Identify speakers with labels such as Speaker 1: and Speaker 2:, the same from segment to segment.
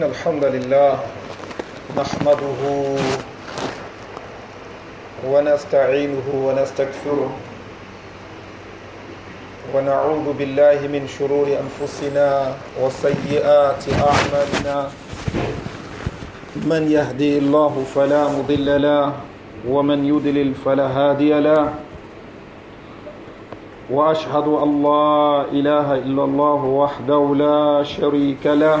Speaker 1: إن الحمد لله نحمده ونستعينه ونستغفره ونعوذ بالله من شرور أنفسنا وسيئات أعمالنا من يهدي الله فلا مضل له ومن يدلل فلا هادي له واشهد ان لا اله الا الله وحده لا شريك له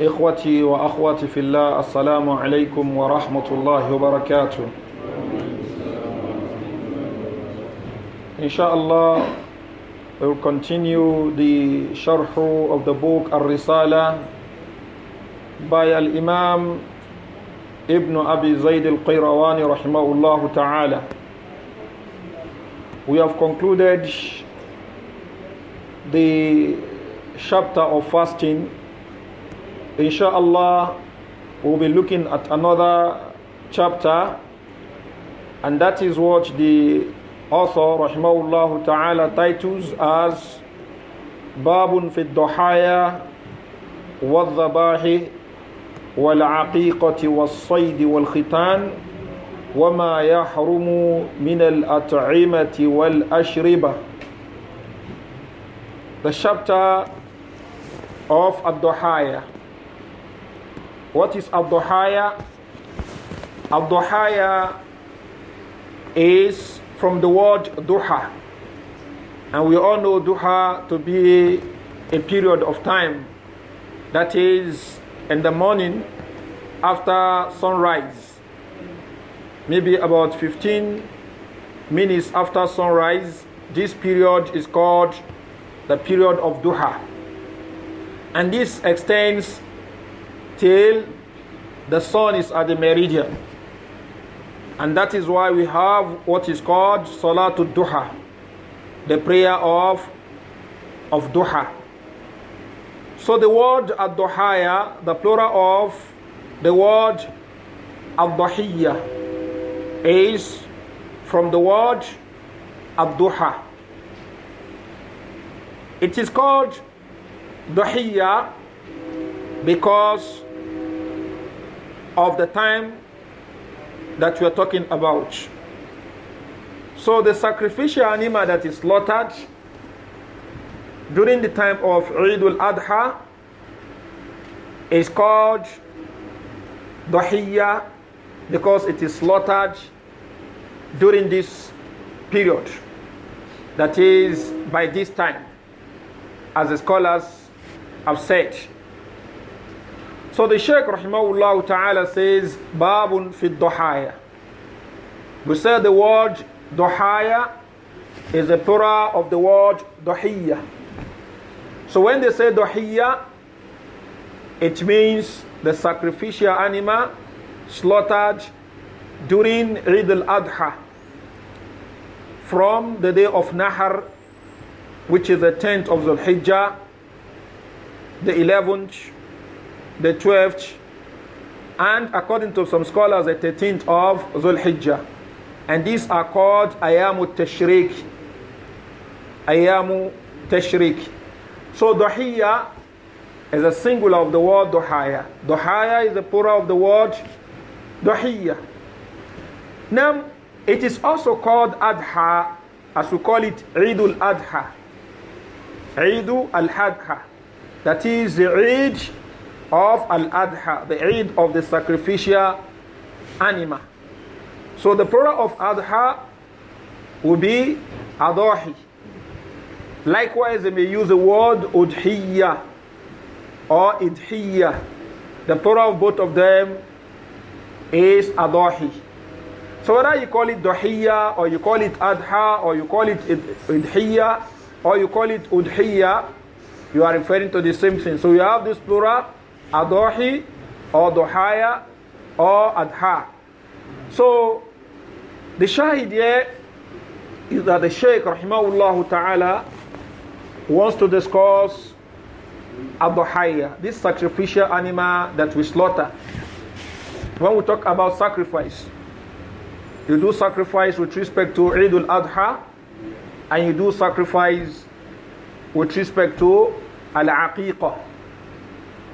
Speaker 1: إخوتي وأخواتي في الله السلام عليكم ورحمة الله وبركاته إن شاء الله we will continue the شرح of the book الرسالة by الإمام ابن أبي زيد القيروان رحمه الله تعالى We have concluded the chapter of fasting Insha'Allah, we'll be looking at another chapter, and that is what the author, rahimahullah ta'ala, titles as Babun fi Dohaya wal Dhabahi wal Aqiqati wal Sayd wal Khitan min al من wal-Ashriba." The chapter of Abduhaya what is Abduhaya? Abduhaya is from the word duha. And we all know duha to be a period of time that is in the morning after sunrise. Maybe about 15 minutes after sunrise, this period is called the period of duha. And this extends till the sun is at the meridian. And that is why we have what is called Salatul Duha, the prayer of, of Duha. So the word Ad-Duhaya, the plural of the word Ad-Duhiyya is from the word Ad-Duha. It is called Duhiyya because of the time that we are talking about. So the sacrificial animal that is slaughtered during the time of Eid al-Adha is called Dahiya because it is slaughtered during this period. That is by this time, as the scholars have said. So the Shaykh rahimahullah ta'ala says, Babun fi dohaya. We say the word dohaya is a plural of the word dohiyya. So when they say dohiyya, it means the sacrificial animal slaughtered during Eid al-Adha from the day of Nahar, which is the 10th of the Hijjah, the 11th the 12th, and according to some scholars, the 13th of Dhul Hijjah. And these are called Ayamu Tashriq. Ayamu Tashriq. So Dohiya is a singular of the word Dohaya. Dohaya is the plural of the word Dohiya. Now, it is also called Adha, as we call it Eidul Adha. Eidul Al Adha. That is the Eid of Al-Adha, the Eid of the sacrificial animal. So the plural of Adha will be Adahi. Likewise, they may use the word udhiya or idhiya. The plural of both of them is Adahi. So whether you call it Dahiya or you call it Adha or you call it idhiya or you call it udhiya, you are referring to the same thing. So you have this plural Adohi or Dohaya or Adha. So the shahid here is that the Shaykh Rahimahullah Ta'ala wants to discuss Adohaya, this sacrificial animal that we slaughter. When we talk about sacrifice, you do sacrifice with respect to Eid al-Adha and you do sacrifice with respect to al-Aqiqah.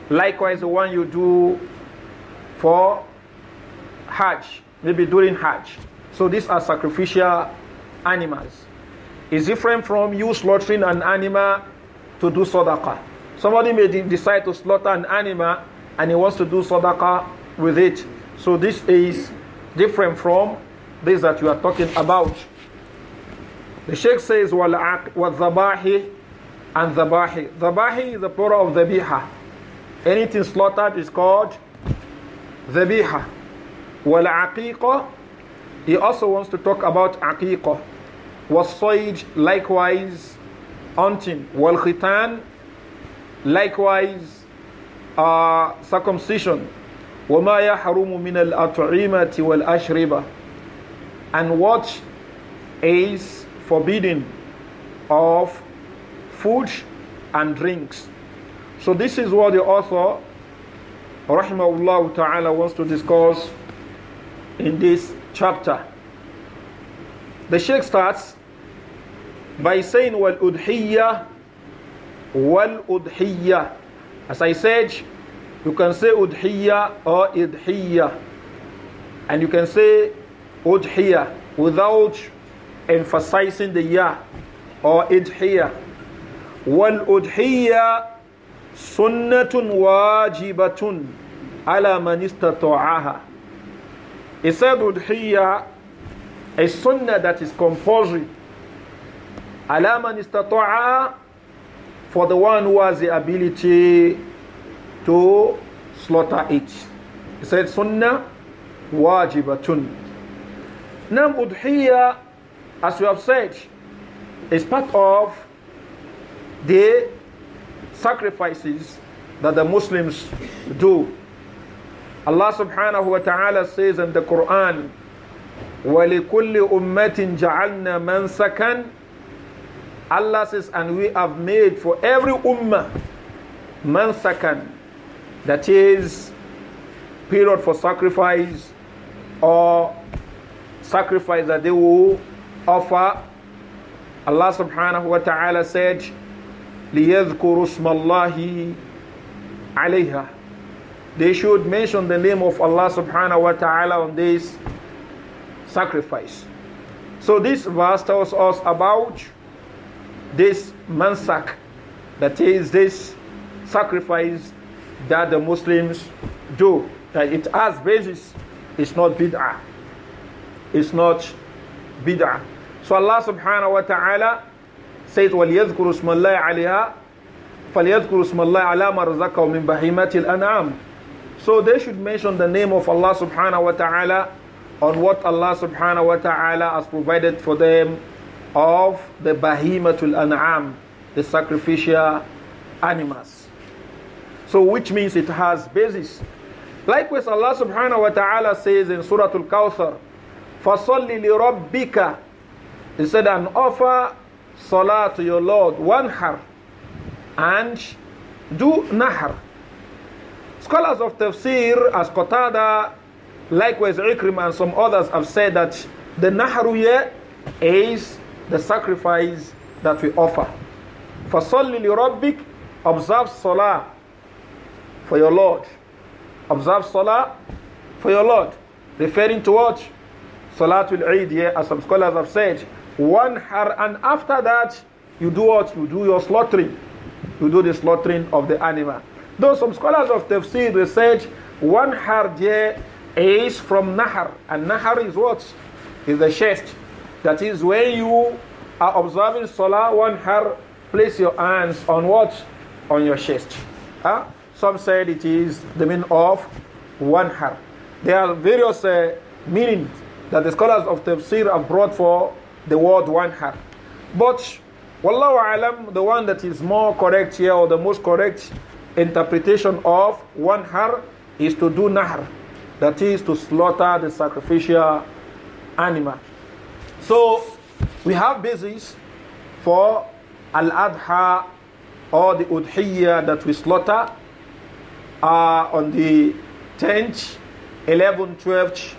Speaker 1: Likewise, the one you do for Hajj, maybe during Hajj. So these are sacrificial animals. It's different from you slaughtering an animal to do sadaqah. Somebody may de decide to slaughter an animal and he wants to do sadaqah with it. So this is different from this that you are talking about. The Sheikh says, وَالْعَقْ وَالْذَبَاحِ and Zabahi. Zabahi is the plural of Zabiha. Anything slaughtered is called zabiha. Wal aqiqah, he also wants to talk about aqiqah. Was likewise, hunting. Wal khitan, likewise, uh, circumcision. وَمَا يَحْرُمُ مِنَ الْأَطْعِيمَةِ وَالْأَشْرِبَةِ And what is forbidden of food and drinks. So this is what the author, rahimahullah ta'ala, wants to discuss in this chapter. The Sheikh starts by saying, wal-udhiyya, wal-udhiyya. As I said, you can say udhiyya or idhiyya. And you can say udhiyya without emphasizing the ya or idhiyya. Wal-udhiyya sunnatun wajibatun ala man istata'aha. He said udhiyya a sunnah that is compulsory ala man istata'aha for the one who has the ability to slaughter it. He said sunnah wajibatun. Now udhiya, as we have said is part of the sacrifices that the Muslims do. Allah subhanahu wa ta'ala says in the Quran, وَلِكُلِّ أُمَّةٍ جَعَلْنَا مَنْسَكًا Allah says, and we have made for every ummah mansakan, that is, period for sacrifice or sacrifice that they will offer. Allah subhanahu wa ta'ala said, لِيَذْكُرُ اسْمَ اللَّهِ عَلَيْهَا They should mention the name of Allah subhanahu wa ta'ala on this sacrifice. So this verse tells us about this mansak, that is this sacrifice that the Muslims do, that it has basis. It's not bid'ah. It's not bid'ah. So Allah subhanahu wa ta'ala says, وَلْيَذْكُرُ اسْمَ اللَّهِ عَلَيْهَا فَلْيَذْكُرُ اسْمَ اللَّهِ عَلَى مَا رَزَقَهُ مِنْ بَهِيمَةِ الْأَنْعَامِ So they should mention the name of Allah subhanahu wa ta'ala on what Allah subhanahu wa ta'ala has provided for them of the bahimatul an'am, the sacrificial animals. So which means it has basis. Likewise, Allah subhanahu wa ta'ala says in Surah Al-Kawthar, فَصَلِّ لِرَبِّكَ He said, and offer salah to your Lord, one har, and do nahar. Scholars of tafsir, as Qatada, likewise Ikrim and some others have said that the nahru here is the sacrifice that we offer. For فَصَلِّ لِرَبِّكَ Observe salah for your Lord. Observe salah for your Lord. Referring to what? Salatul Eid here, as some scholars have said, one har, and after that, you do what? You do your slaughtering. You do the slaughtering of the animal. Though some scholars of tafsir research, one har there is from nahar, and nahar is what? Is the chest. That is when you are observing salah, one har, place your hands on what? On your chest. Huh? Ah? Some said it is the meaning of one har. There are various uh, meanings that the scholars of tafsir have brought for the word one half. But Wallahu alam, the one that is more correct here or the most correct interpretation of one har is to do nahr, that is to slaughter the sacrificial animal. So we have basis for al adha or the udhiyya that we slaughter uh, on the 10th, 11th, 12th,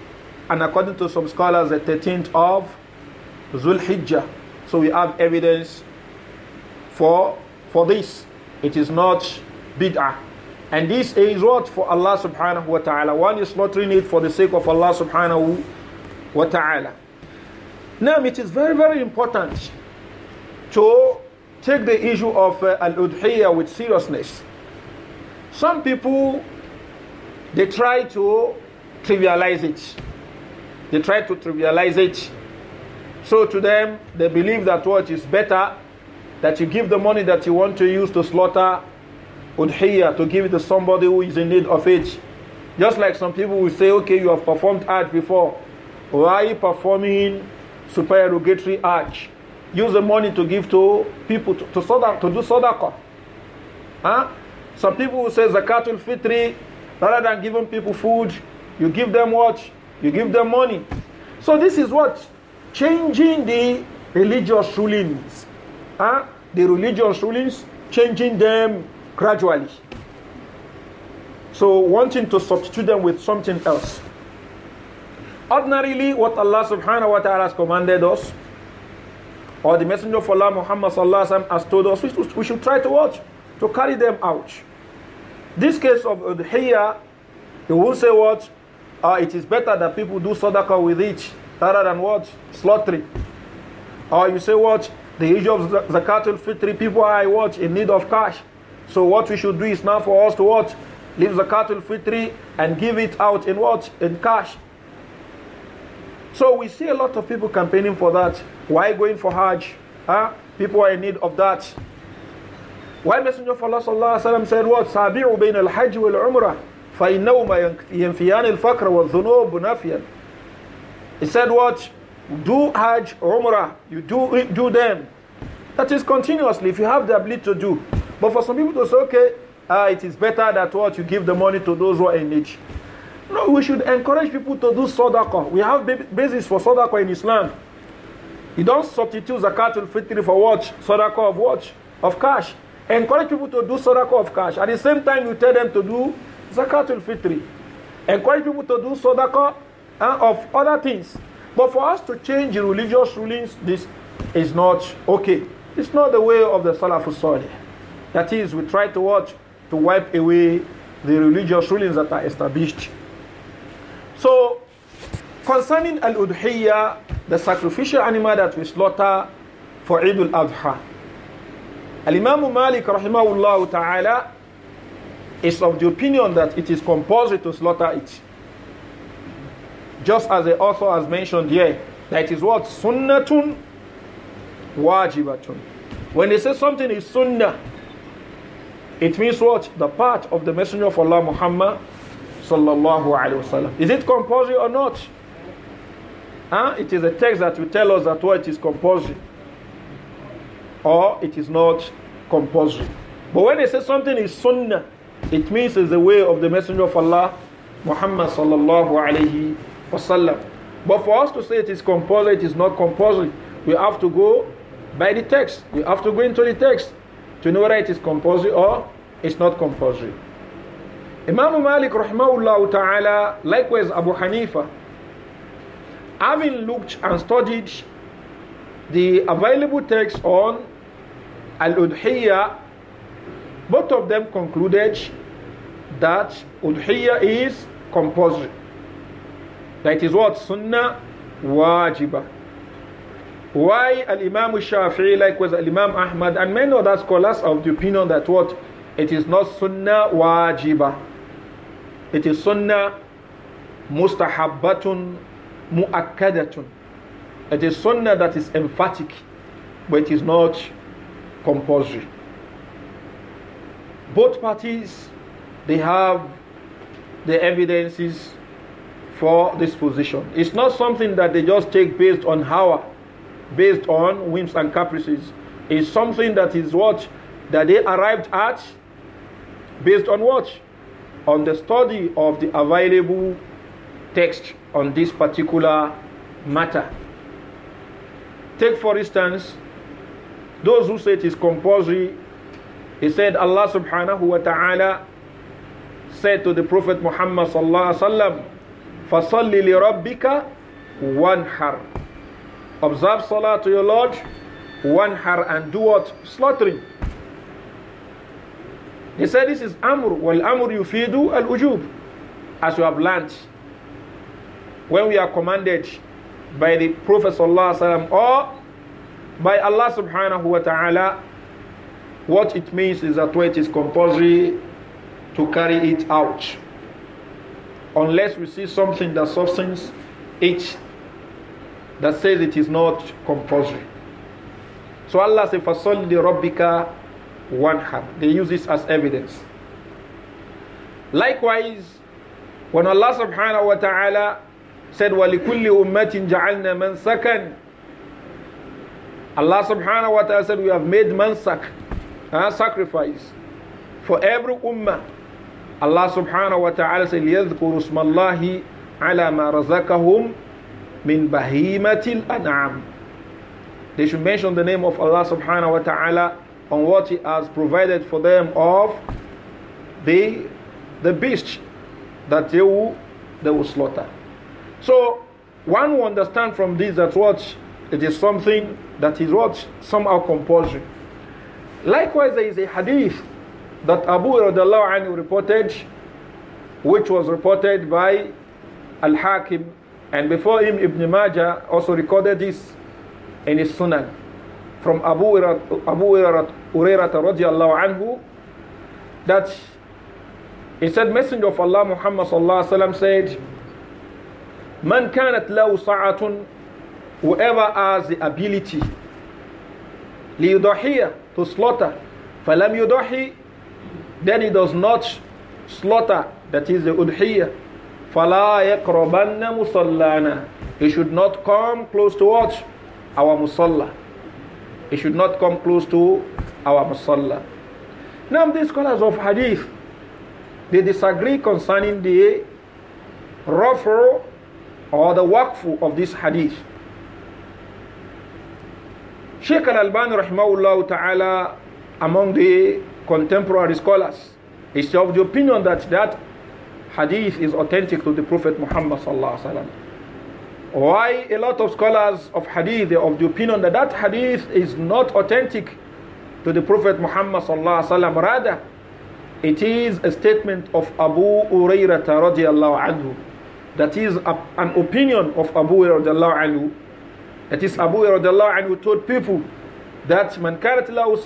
Speaker 1: and according to some scholars, the 13th of Zul Hijjah. So we have evidence for, for this. It is not bid'ah. And this is what for Allah subhanahu wa ta'ala. One is slaughtering it for the sake of Allah subhanahu wa ta'ala. Now it is very, very important to take the issue of uh, al-udhiyah with seriousness. Some people, they try to trivialize it. They try to trivialize it so to them, they believe that what is better that you give the money that you want to use to slaughter udhiyah, to give it to somebody who is in need of it. Just like some people will say, okay, you have performed Hajj before. Why performing supererogatory Hajj? Use the money to give to people to, to, soda, to do sadaqah. Huh? Some people will say zakatul fitri, rather than giving people food, you give them what? You give them money. So this is what changing the religious rulings. Huh? Ah, the religious rulings, changing them gradually. So wanting to substitute them with something else. Ordinarily, what Allah subhanahu wa ta'ala has commanded us, or the Messenger of Allah Muhammad sallallahu Alaihi Wasallam has told us, we should, we should try to watch, to carry them out. This case of the Udhiyah, they will say what? Uh, it is better that people do sadaqah with it rather than what? Slaughtering. Or you say what? The issue of the cattle three people are what? In need of cash. So what we should do is now for us to what? Leave the cattle three and give it out in what? In cash. So we see a lot of people campaigning for that. Why going for Hajj? Huh? People are in need of that. Why Messenger of Allah sallallahu alaihi wasallam said what? Sabi'u bain al-Hajj wal-Umrah fa innahuma yanfiyan al-faqr wal he said, What? Do Hajj, Umrah. You do, do them. That is continuously if you have the ability to do. But for some people to say, okay, uh, it is better that what you give the money to those who are in need. No, we should encourage people to do sadaqah. We have basis for sadaqah in Islam. You don't substitute zakat al fitri for what? Sadaqah of watch Of cash. Encourage people to do sadaqah of cash. At the same time, you tell them to do zakat al fitri. Encourage people to do sadaqah and of other things. But for us to change religious rulings, this is not okay. It's not the way of the Salafus Salih. That is, we try to watch to wipe away the religious rulings that are established. So, concerning Al Udhiyya, the sacrificial animal that we slaughter for Eid al Adha, Al Imam Malik rahimahullah ta'ala is of the opinion that it is compulsory to slaughter it. Just as the author has mentioned here, that is what? Sunnatun wajibatun. When they say something is sunnah, it means what? The part of the Messenger of Allah Muhammad sallallahu alaihi wasallam. Is it compulsory or not? Huh? It is a text that will tell us that what it is compulsory or it is not compulsory. But when they say something is sunnah, it means it's the way of the Messenger of Allah Muhammad sallallahu alaihi wasallam. But for us to say it is compulsory, it is not compulsory. We have to go by the text. We have to go into the text to know whether it is compulsory or it's not compulsory. Imam Malik rahimahullah ta'ala, likewise Abu Hanifa, having looked and studied the available texts on Al-Udhiyya, both of them concluded that Udhiyya is compulsory. That is what? Sunnah wajibah. Why Al-Imam Shafi'i, likewise Al-Imam Ahmad, and many other scholars of the opinion that what? It is not sunnah wajibah. It is sunnah mustahabbatun muakkadatun. It is sunnah that is emphatic, but it is not compulsory. Both parties, they have the evidences for this position. It's not something that they just take based on how, based on whims and caprices. It's something that is what that they arrived at based on what? On the study of the available text on this particular matter. Take for instance those who say it is compulsory. He said Allah subhanahu wa ta'ala said to the Prophet Muhammad sallallahu alaihi wasallam فَصَلِّ wan وَانْحَرْ Observe salah to your Lord, وَانْحَرْ and do what? Slaughtering. He said this is amr, Well, amr yufidu al ujub, as you have learnt. When we are commanded by the Prophet sallallahu or by Allah subhanahu wa ta'ala, what it means is that it is compulsory to carry it out unless we see something that substance it that says it is not compulsory. So Allah says, فَصَلِّ one hand. They use this as evidence. Likewise, when Allah subhanahu wa ta'ala said, وَلِكُلِّ ummatin جَعَلْنَا مَنْ سَكَنْ Allah subhanahu wa ta'ala said, we have made mansak, uh, sacrifice, for every ummah. Allah subhanahu wa ta'ala لِيَذْكُرُ اسْمَ اللَّهِ عَلَى مَا رَزَقَهُمْ مِنْ بَهِيمَةِ الْأَنْعَامِ They should mention the name of Allah subhanahu wa ta'ala on what He has provided for them of the, the beast that they will, they will slaughter. So, one will understand from this that what it is something that is what somehow compulsory. Likewise, there is a hadith that Abu radiallahu anhu reported, which was reported by Al-Hakim, and before him Ibn Majah also recorded this in his Sunan from Abu Urairata radiallahu anhu that he said, Messenger of Allah Muhammad sallallahu alayhi wa said, Man kanat law sa'atun, whoever has the ability, liyudahiya, to slaughter, falam yudahi, then he does not slaughter, that is the udhiyah. فَلَا يَقْرَبَنَّ مُصَلَّانَا He should not come close to what? Our musalla. He should not come close to our musalla. Now these scholars of hadith, they disagree concerning the rafu or the waqfu of this hadith. Sheikh al-Albani rahimahullah ta'ala among the contemporary scholars is of the opinion that that hadith is authentic to the Prophet Muhammad Why a lot of scholars of hadith are of the opinion that that hadith is not authentic to the Prophet Muhammad Rather, it is a statement of Abu Urayrata radiallahu anhu. That is a, an opinion of Abu radiallahu anhu. That is Abu radiallahu anhu told people that man karat lahu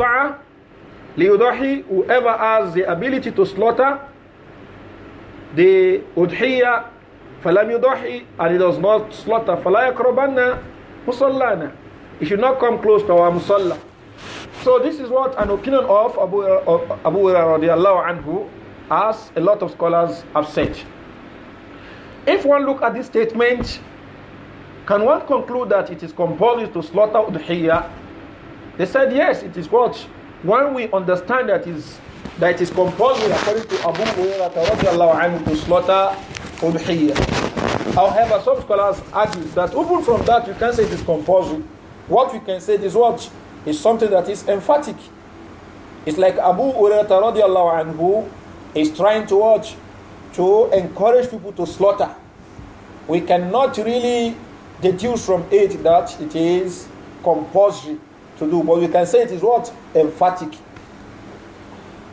Speaker 1: ليضحي whoever has the ability to slaughter the udhiya falam يضحي and he does not slaughter فلا يقربن musallana he should not come close to our musalla so this is what an opinion of Abu of Abu radiallahu anhu as a lot of scholars have said if one look at this statement can one conclude that it is compulsory to slaughter udhiya they said yes it is what when we understand that is that it is compulsory according to Abu Hurairah to slaughter udhiyah. However, some scholars argue that even from that you can say it is compulsory. What we can say is what is something that is emphatic. It's like Abu Hurairah is trying to watch to encourage people to slaughter. We cannot really deduce from it that it is compulsory to do, but we can say it is what? Emphatic.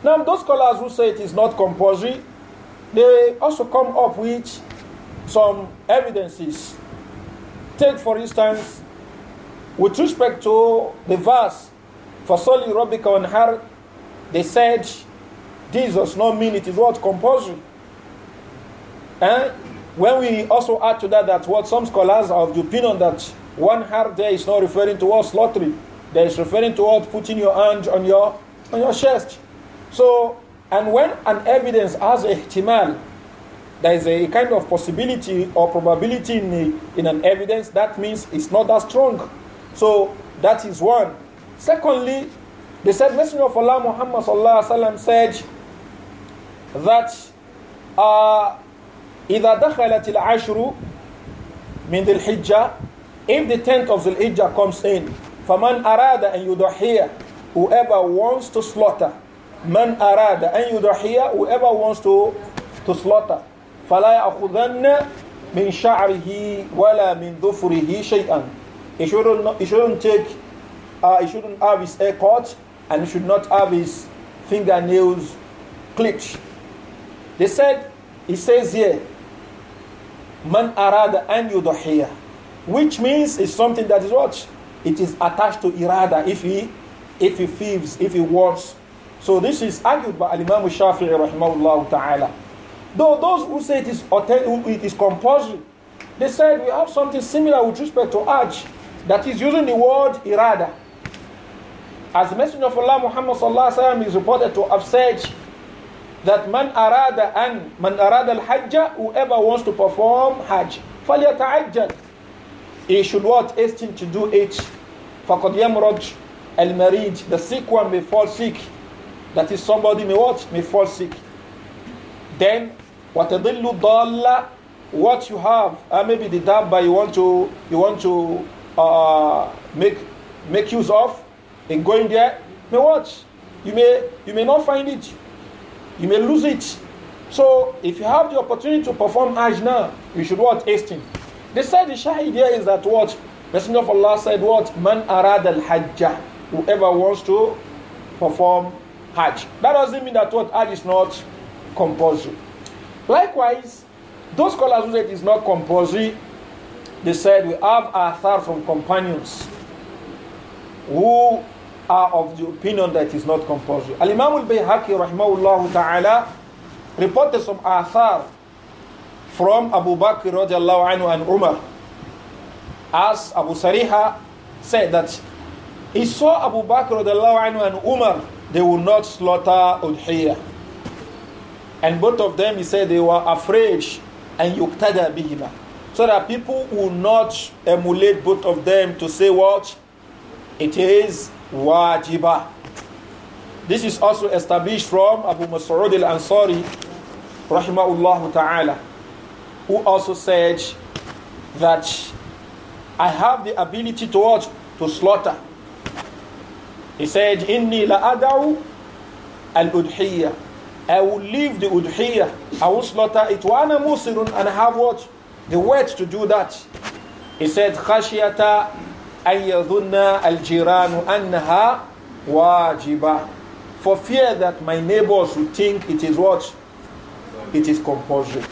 Speaker 1: Now, those scholars who say it is not compulsory, they also come up with some evidences. Take, for instance, with respect to the verse, for Soli rubica and Har, they said this does not mean it is what? Compulsory. And eh? when we also add to that, that what some scholars are of the opinion that one har there is not referring to what slaughtering. That is referring to what? Putting your hand on your, on your chest. So, and when an evidence has a ihtimal, there is a kind of possibility or probability in, the, in an evidence, that means it's not that strong. So that is one. Secondly, they said Messenger of Allah Muhammad sallallahu said that either إذا دخلت العشر من ذي الحجة if the tenth of the Hijjah comes in فَمَنْ أَرَادَ أَنْ يُضَحِيَ Whoever wants to slaughter. مَنْ أَرَادَ أَنْ يُضَحِيَ Whoever wants to, to slaughter. فَلَا يَأْخُذَنَّ مِنْ شَعْرِهِ وَلَا مِنْ ظُفُرِهِ شَيْئًا He shouldn't, he shouldn't take, uh, he shouldn't have his hair cut and he should not have his fingernails clipped. They said, he says here, man arada an yudahiya, which means it's something that is what? It is attached to irada if he if he thieves, if he wants. So this is argued by Imam Shafi'i rahimahullah ta'ala. Though those who say it is, it is compulsory, they said we have something similar with respect to Hajj that is using the word irada. As the Messenger of Allah Muhammad sallallahu alaihi wasallam is reported to have said that man arada and man arada al-hajj, whoever wants to perform Hajj, فَلْيَتَعَجَّلْ he should what? Hasten to do it. فَقَدْ يَمْرَجْ marid The sick one may fall sick. That is, somebody may what? May fall sick. Then, وَتَضِلُّ What you have, uh, maybe the dabba you want to, you want to uh, make, make use of in going there, may what? You may, you may not find it. You may lose it. So, if you have the opportunity to perform Hajj now, you should what? Hasten. They said the shahid here is that what? Messenger of Allah said what? Man arad al hajjah. Whoever wants to perform hajj. That doesn't mean that what hajj is not compulsory. Likewise, those scholars who said it is not compulsory, they said we have athar from companions who are of the opinion that it is not compulsory. Al-Imam al-Bayhaqi rahimahullah ta'ala reported some athar from Abu Bakr anhu and Umar. As Abu Sariha said that he saw Abu Bakr radiallahu anhu and Umar, they would not slaughter Udhiyah. And both of them, he said, they were afraid and yuktada bihima. So that people will not emulate both of them to say what? It is wajiba. This is also established from Abu Mas'ud al-Ansari rahimahullah ta'ala who also said that I have the ability to what? To slaughter. He said, Inni adaw al-udhiyya. I will leave the udhiyya. I will slaughter it. Wa musirun. And I have what? The words to do that. He said, khashiyata ayyadhunna al-jiranu annaha wajiba. For fear that my neighbors would think it is what? It is compulsory.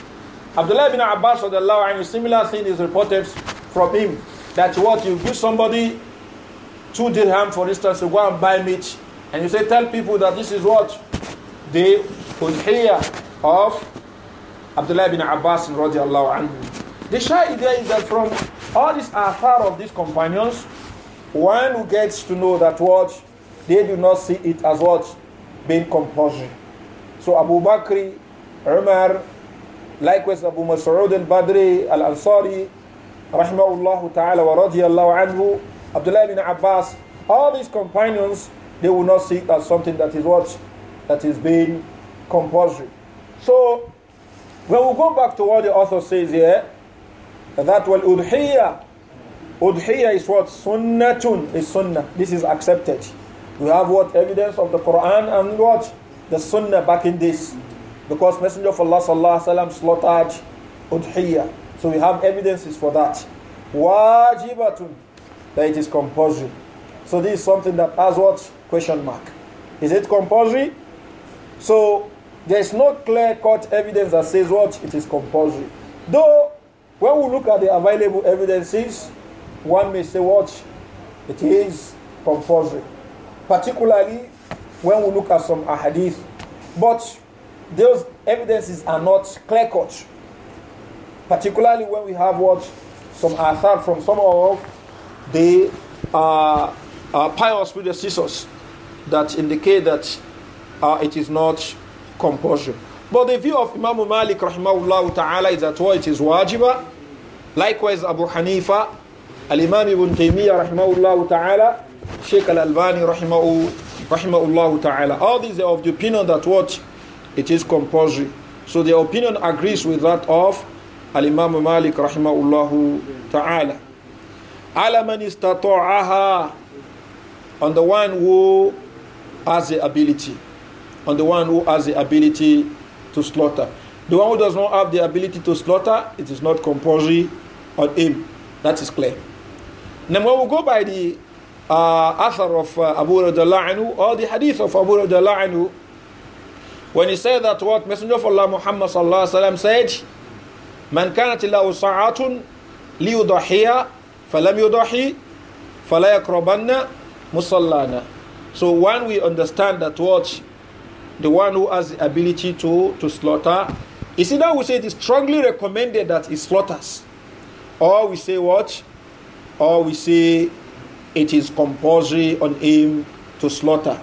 Speaker 1: Abdullah ibn Abbas, a similar thing is reported from him that what you give somebody two dirham, for instance, to go and buy meat, and you say, Tell people that this is what the hear of Abdullah ibn Abbas. Anhu. The shy idea is that from all these afar of these companions, one who gets to know that what they do not see it as what being compulsory. So Abu Bakr, Umar, Likewise, Abu Mas'ud al-Badri al-Ansari, rahimahullah ta'ala wa radiyallahu anhu, Abdullah ibn Abbas, all these companions, they will not see it as something that is what? That is being compulsory. So, when we go back to what the author says here, that will udhiyah, udhiyah is what? Sunnatun is sunnah. This is accepted. We have what? Evidence of the Quran and what? The sunnah back in this. Because Messenger of Allah sallallahu alaihi wasallam slaughtered udhiyah. So we have evidences for that. Wajibatun, that it is compulsory. So this is something that has what? Question mark. Is it compulsory? So there is no clear-cut evidence that says what? It is compulsory. Though, when we look at the available evidences, one may say what? It is compulsory. Particularly when we look at some ahadith. But those evidences are not clear cut. Particularly when we have what some athar from some of the uh, uh, pious predecessors that indicate that uh, it is not compulsion. But the view of Imam Malik rahimahullah ta'ala is that what oh, it is wajiba. Likewise Abu Hanifa, Al-Imam Ibn Taymiyyah rahimahullah ta'ala, Sheikh Al-Albani rahimahullah ta'ala. All these are of the opinion that what it is compulsory. So the opinion agrees with that of Al-Imam Malik rahimahullah ta'ala. Ala man istata'aha on the one who has the ability. On the one who has the ability to slaughter. The one who does not have the ability to slaughter, it is not compulsory on him. That is clear. Now when we go by the uh, author of uh, Abu Radallah anhu or the hadith of Abu Radallah anhu, when he said that what Messenger of Allah Muhammad sallallahu alaihi wasallam said, "Man kanat lahu sa'atun liyudhiya falam yudhi fala yakrabanna musallana." So when we understand that what the one who has the ability to to slaughter, is either we say it is strongly recommended that he slaughters, or we say what, or we say it is compulsory on him to slaughter.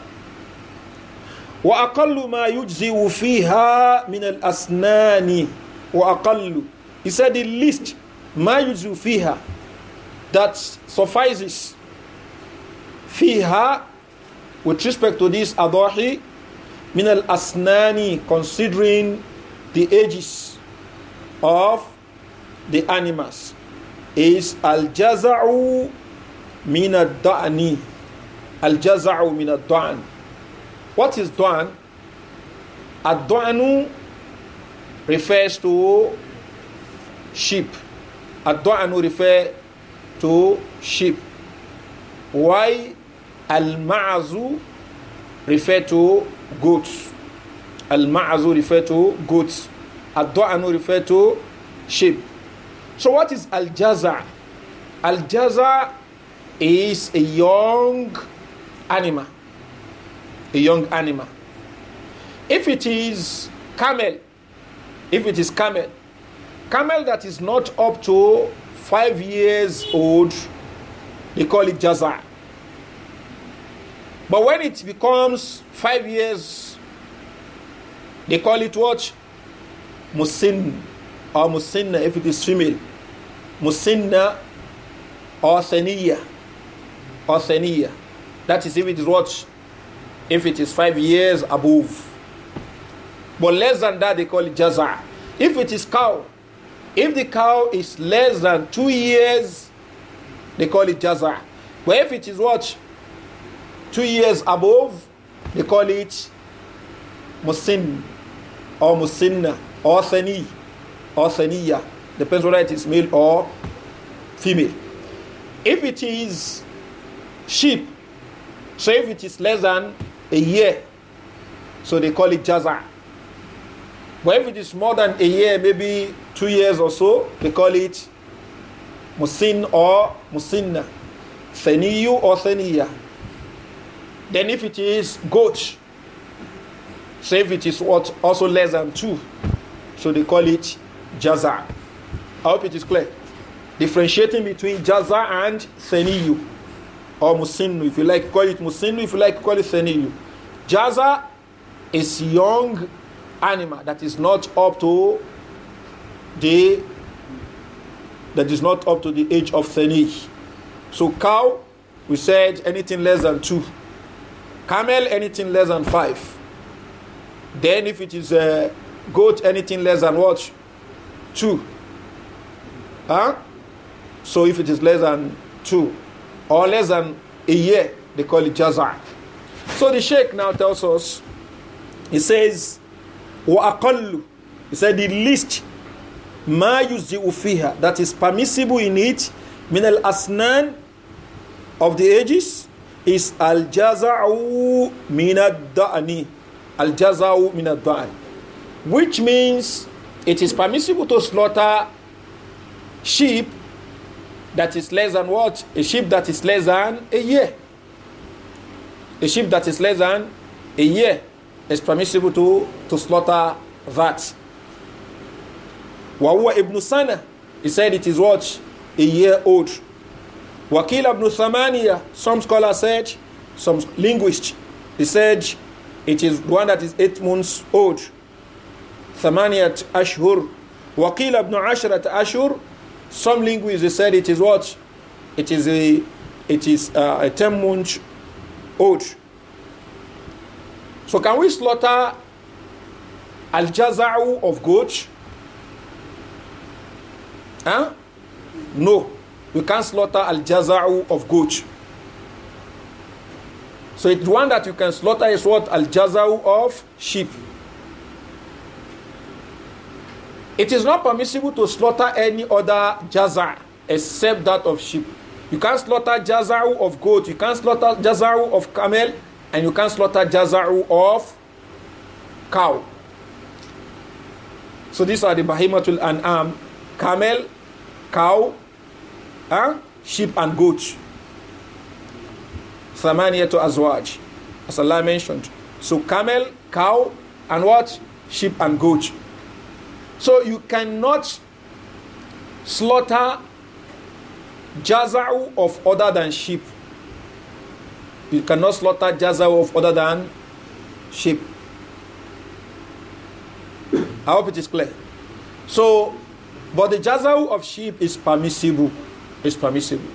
Speaker 1: وأقل ما يجزئ فيها من الأسنان وأقل He said the least ما يجزئ فيها that suffices فيها with respect to this أضاحي من الأسنان considering the ages of the animals is الجزع من الدعني الجزع من الدعني What is Duan? ad refers to sheep. ad refers to sheep. Why Al-Ma'azu refers to goats. Al-Ma'azu refers to goats. ad refers to sheep. So what is Al-Jaza? Al-Jaza is a young animal a young animal. If it is camel, if it is camel, camel that is not up to five years old, they call it jaza. But when it becomes five years, they call it what? Musin or musinna if it is female. Musinna or saniya or saniya. That is if it is what? if it is five years above. But less than that, they call it jaza. If it is cow, if the cow is less than two years, they call it jaza. But if it is what? Two years above, they call it musin or musinna or seni or seniya. Depends whether it is male or female. If it is sheep, so if it is less than a year. So they call it jaza. But if it is more than a year, maybe two years or so, they call it musin or musinna, thaniyu or seniya. Then if it is goat, so if it is what also less than two, so they call it jaza. I hope it is clear. Differentiating between jaza and thaniyu or musinnu. If you like, call it musinnu. If you like, call it thaniyu. Jaza is young animal that is not up to the that is not up to the age of 30. So cow, we said anything less than two. Camel, anything less than five. Then if it is a uh, goat, anything less than what? Two. Huh? So if it is less than two or less than a year, they call it jaza. So the Sheikh now tells us, he says, وَأَقَلُّ He said the least مَا يُزْجِئُ فِيهَا That is permissible in it مِنَ الْأَسْنَانِ Of the ages is al-jaza'u min ad-da'ni al-jaza'u min ad which means it is permissible to slaughter sheep that is less than what a sheep that is less than a year a sheep that is less than a year is permissible to, to slaughter that. Wawa ibn Sana, he said it is what? A year old. Wakil ibn Thamaniya, some scholars said, some linguist, he said it is one that is eight months old. Thamaniyat ashur. Wakil ibn Ashrat Ashur, some linguists said it is what? It is a it is uh, a ten month old. So can we slaughter al jazau of goat? Huh? No, we can't slaughter al jazau of goat. So the one that you can slaughter is what al jazau of sheep. It is not permissible to slaughter any other jaza except that of sheep. You can't slaughter jazaru of goat, you can't slaughter jazaru of camel, and you can't slaughter jazaru of cow. So these are the Bahimatul An'am camel, cow, huh? sheep, and goat. Thamaniya to Azwaj, as Allah mentioned. So camel, cow, and what? Sheep and goat. So you cannot slaughter jaza'u of other than sheep. You cannot slaughter jaza'u of other than sheep. I hope it is clear. So, but the jaza'u of sheep is permissible. Is permissible.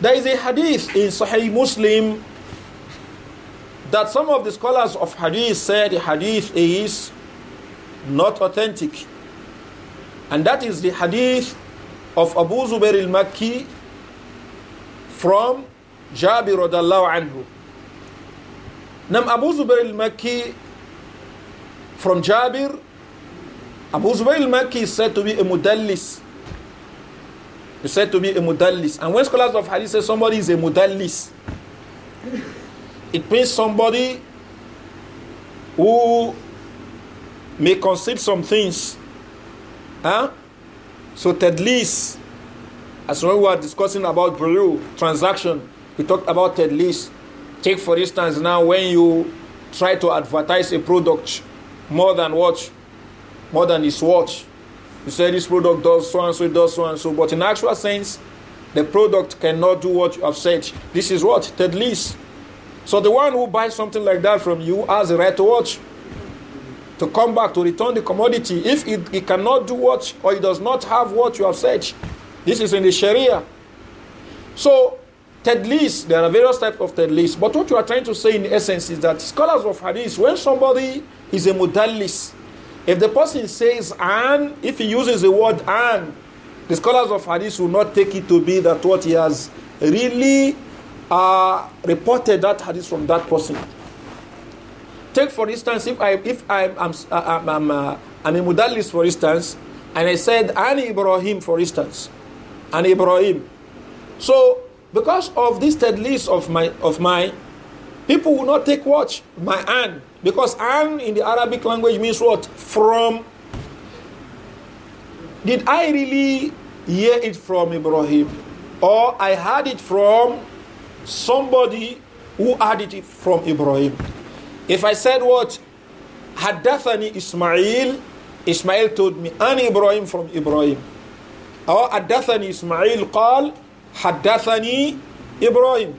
Speaker 1: There is a hadith in Sahih Muslim that some of the scholars of hadith said the hadith is not authentic. And that is the hadith of Abu Zubair al-Makki from Jabir radiallahu anhu. Now Abu Zubair al-Makki from Jabir, Abu Zubair al-Makki is said to be a mudallis. He's said to be a mudallis. And when scholars of hadith say somebody is a mudallis, it means somebody who may conceal some things. Huh? So tadlis as when we were discussing about blue transaction, we talked about Ted list. Take for instance now when you try to advertise a product more than what more than its worth. You say this product does so and so, it does so and so, but in actual sense, the product cannot do what you have said. This is what? Ted list. So the one who buys something like that from you has a right to watch, to come back, to return the commodity. If it, it cannot do what, or it does not have what you have said, this is in the Sharia. So, tadlis, there are various types of tadlis. But what you are trying to say in essence is that scholars of hadith, when somebody is a mudallis, if the person says an, if he uses the word an, the scholars of hadith will not take it to be that what he has really uh, reported that hadith from that person. Take for instance, if I if I, I'm I'm I'm, uh, I'm a mudallis for instance, and I said an Ibrahim for instance, and Ibrahim. So, because of this list of my of mine, people will not take watch my an because an in the Arabic language means what from. Did I really hear it from Ibrahim, or I heard it from somebody who heard it from Ibrahim? If I said what Haddathani Ismail, Ismail told me an Ibrahim from Ibrahim. أو حدثني إسماعيل قال حدثني إبراهيم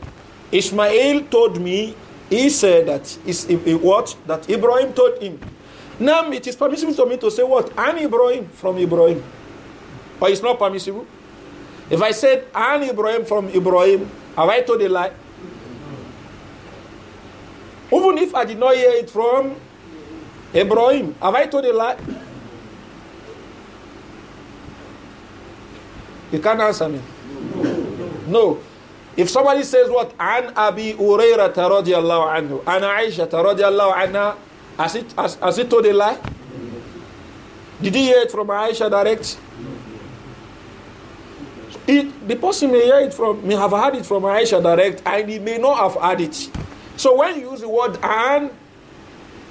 Speaker 1: Ismail told me he said that is what that Ibrahim told him. Now it is permissible for me to say what an Ibrahim from Ibrahim, but it's not permissible. If I said an Ibrahim from Ibrahim, have I told a lie? Even if I did not hear it from Ibrahim, have I told a lie? You can't answer me. No. If somebody says what an Abi Urayrata radiallahu anhu, an Aisha radiallahu anha, has it has, has it told a lie? Did he hear it from Aisha direct? It, the person may hear it from may have heard it from Aisha direct, and he may not have heard it. So when you use the word an,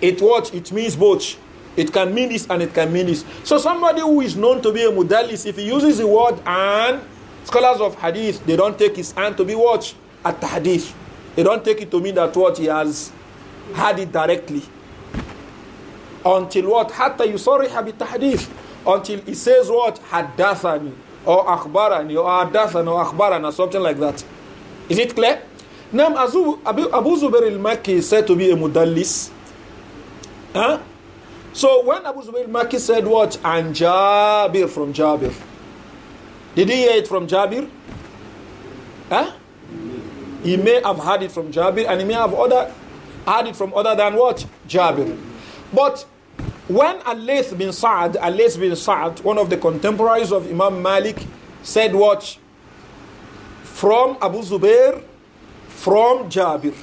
Speaker 1: it what it means both. It can mean this and it can mean this. So somebody who is known to be a mudalis, if he uses the word and, scholars of hadith, they don't take his and to be what? At hadith. They don't take it to mean that what he has had it directly. Until what? Hatta yusariha bi hadith? Until he says what? Haddathani. Or akhbarani. Or haddathani. Or akhbarani. Or something like that. Is it clear? Now, Abu Zubair al-Makki is said to be a mudallis. Huh? So when Abu Zubayr Maki said what? And Jabir from Jabir. Did he hear it from Jabir? Huh? He may have heard it from Jabir and he may have other heard it from other than what? Jabir. But when Alayth bin Sa'ad, Alayth bin Sa'ad, one of the contemporaries of Imam Malik, said what? From Abu Zubair, from Jabir.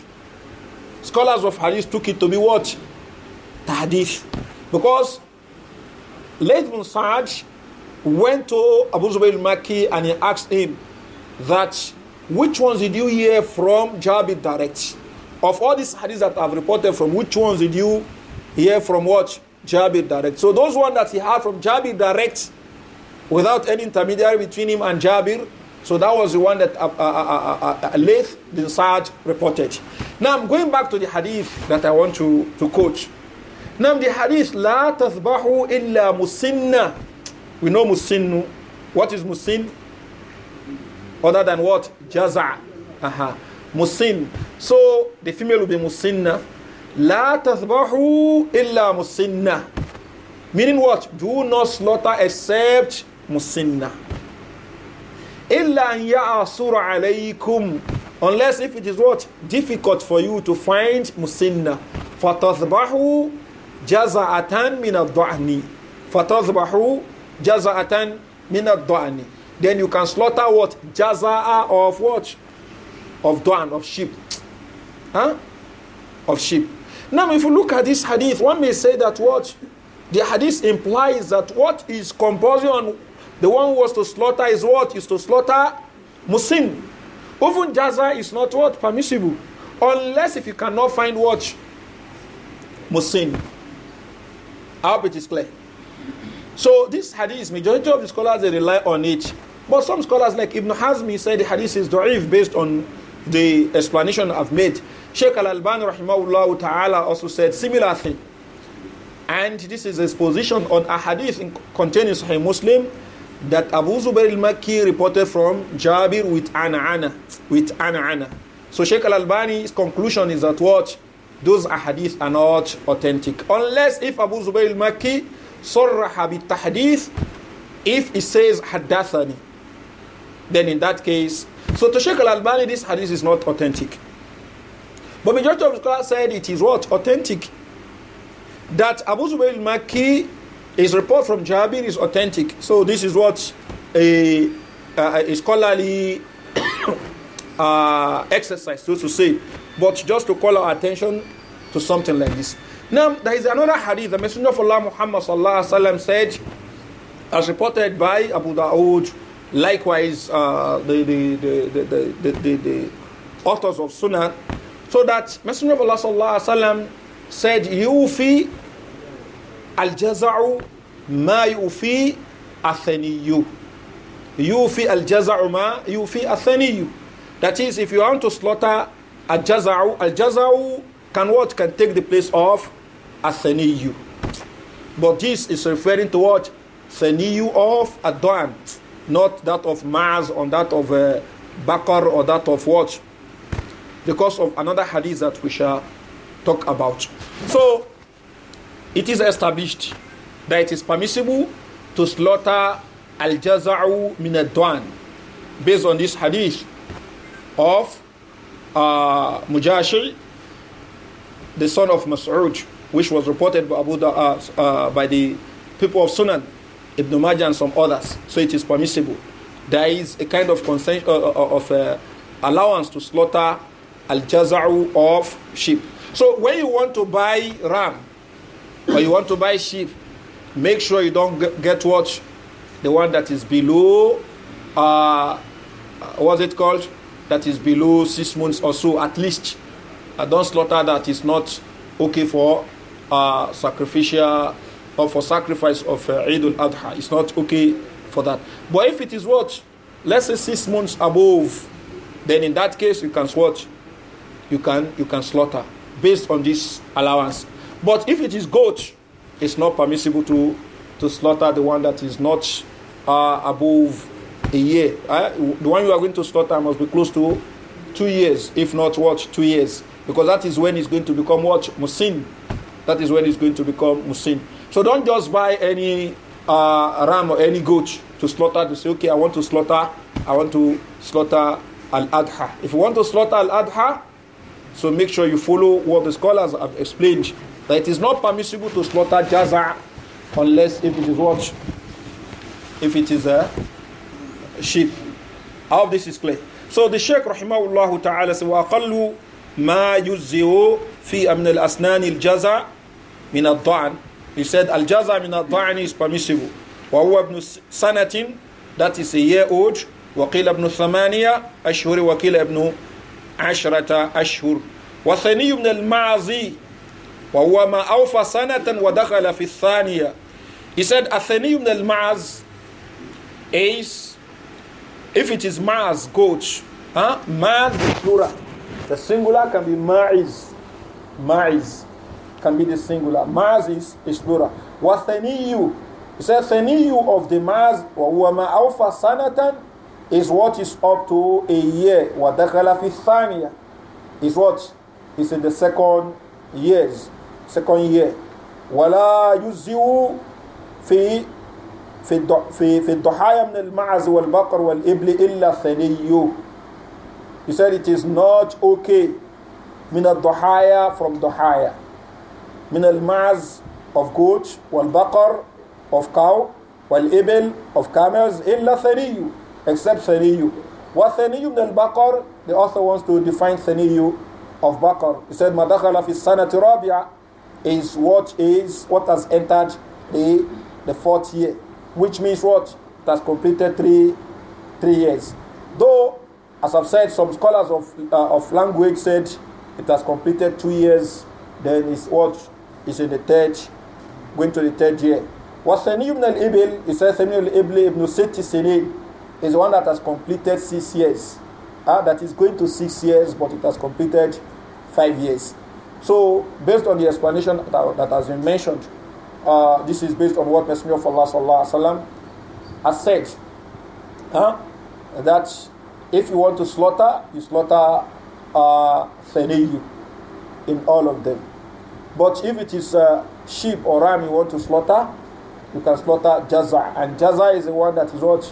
Speaker 1: Scholars of Hadith took it to be what? Hadith. Because Laid bin Sa'ad went to Abu Zubayr al-Makki and he asked him that which ones did you hear from Jabir direct? Of all these hadiths that I've reported from, which ones did you hear from what? Jabir direct. So those ones that he had from Jabir direct without any intermediary between him and Jabir, so that was the one that uh, uh, uh, bin Sa'ad reported. Now I'm going back to the hadith that I want to, to quote. Now the hadith, La tasbahu illa musinna. We know musinnu. What is musin? Other than what? Jaza. Aha. Musin. So the female will be musinna. La tasbahu illa musinna. Meaning what? Do not slaughter except musinna. Illa ya'asura alaykum. Unless if it is what? Difficult for you to find musinna. Fatasbahu jaza'atan min ad-da'ni fatadhbahu jaza'atan min ad-da'ni then you can slaughter what jaza'a of what of da'an of sheep huh of sheep now if you look at this hadith one may say that what the hadith implies that what is composing on the one who was to slaughter is what is to slaughter musin even jaza is not what permissible unless if you cannot find what musin hope it is clear. So this hadith, majority of the scholars they rely on it. But some scholars like Ibn Hazmi said the hadith is da'if based on the explanation I've made. Sheikh Al-Albani rahimahullah ta'ala also said similar thing. And this is his position on a hadith in, containing Sahih Muslim that Abu Zubair al-Makki reported from Jabir with An'ana. With An'ana. So Sheikh Al-Albani's conclusion is that what? those ahadith are not authentic. Unless if Abu Zubayr al-Makki sarraha bit-tahdith, if he says haddathani, then in that case, so to Sheikh al-Albani, this hadith is not authentic. But majority of scholars said it is what? Authentic. That Abu Zubayr al-Makki, his report from Jabir is authentic. So this is what a, a, a scholarly uh, exercise, so to say, but just to call our attention to something like this. Now, there is another hadith. The Messenger of Allah Muhammad sallam, said, as reported by Abu Dawood, likewise uh, the, the, the, the, the, the, authors of Sunnah, so that Messenger of Allah sallam, said, Yufi al jaza'u ma yufi athaniyu. Yufi al jaza'u ma yufi athaniyu. That is, if you want to slaughter a jazau, a jazau can what? Can take the place of a thaniyu. But this is referring to what? Thaniyu of Adwan, not that of Mars or that of uh, Bakar or that of what? Because of another hadith that we shall talk about. So, it is established that it is permissible to slaughter al jazau min adwan based on this hadith of uh, Mujashi, the son of Mas'ud, which was reported by, Abu da, uh, uh, by the people of Sunan, Ibn Majah and some others. So it is permissible. There is a kind of consent, uh, uh, uh, of allowance to slaughter al-jaza'u of sheep. So when you want to buy ram or you want to buy sheep, make sure you don't get what the one that is below uh, what's it called that is below six months or so at least. I uh, don't slaughter that is not okay for uh, sacrificial or for sacrifice of uh, Eid al-Adha. It's not okay for that. But if it is what? Let's say six months above, then in that case you can what? You can you can slaughter based on this allowance. But if it is goat, it's not permissible to to slaughter the one that is not uh, above a year. Uh, the one you are going to slaughter must be close to two years, if not what, two years. Because that is when it's going to become what? Musin. That is when it's going to become Musin. So don't just buy any uh, ram or any goat to slaughter to say, okay, I want to slaughter, I want to slaughter Al Adha. If you want to slaughter Al Adha, so make sure you follow what the scholars have explained that it is not permissible to slaughter Jaza unless if it is what? If it is a uh, sheep. All this is clear. So the Sheikh rahimahullah ta'ala said, وَأَقَلُّ مَا يُزِّهُ فِي أَمْنِ الْأَسْنَانِ الْجَزَى مِنَ الضَّعْنِ He said, al من الضعن is permissible. وَهُوَ ابْنُ سنة, that is a year old. وَقِيلَ ابْنُ ثَمَانِيَ أَشْهُرِ وَقِيلَ ابْنُ عَشْرَةَ أَشْهُرِ وَثَنِيُّ مِنَ الْمَعْزِي وَهُوَ مَا أَوْفَى سَنَةً وَدَخَلَ فِي الثَّانِيَةِ He said, الثَّنِيُّ مِنَ الْمَعْز is If it is ma's goat, huh? ma's the plural. The singular can be ma'iz. Ma'iz can be the singular. Mars is, is plural. Wathaniyu. He said thaniyu of the ma'az wa huwa ma'awfa sanatan is what is up to a year. Wa dakhala fi thaniya is what is in the second years. Second year. Wala yuziu fi في في في الضحايا من المعز والبقر والإبل إلا ثني He said it is not okay من الضحايا from ضحايا من المعز of goat والبقر of cow والإبل of camels إلا ثني except ثني وثني من البقر the author wants to define ثني of بقر he said ما دخل في السنة الرابعة is what is what has entered the the fourth year which means what? It has completed three, three years. Though, as I've said, some scholars of, uh, of language said it has completed two years, then it's what? It's in the third, going to the third year. وَالثَّنِي ibn al-Ibil, it says ibn ibn Siti Sini, is the one that has completed six years. Uh, that is going to six years, but it has completed five years. So, based on the explanation that, that has been mentioned, uh, this is based on what Messenger of Allah sallallahu has said. Huh? That if you want to slaughter, you slaughter uh, in all of them. But if it is a uh, sheep or ram you want to slaughter, you can slaughter jaza. And jaza is the one that is what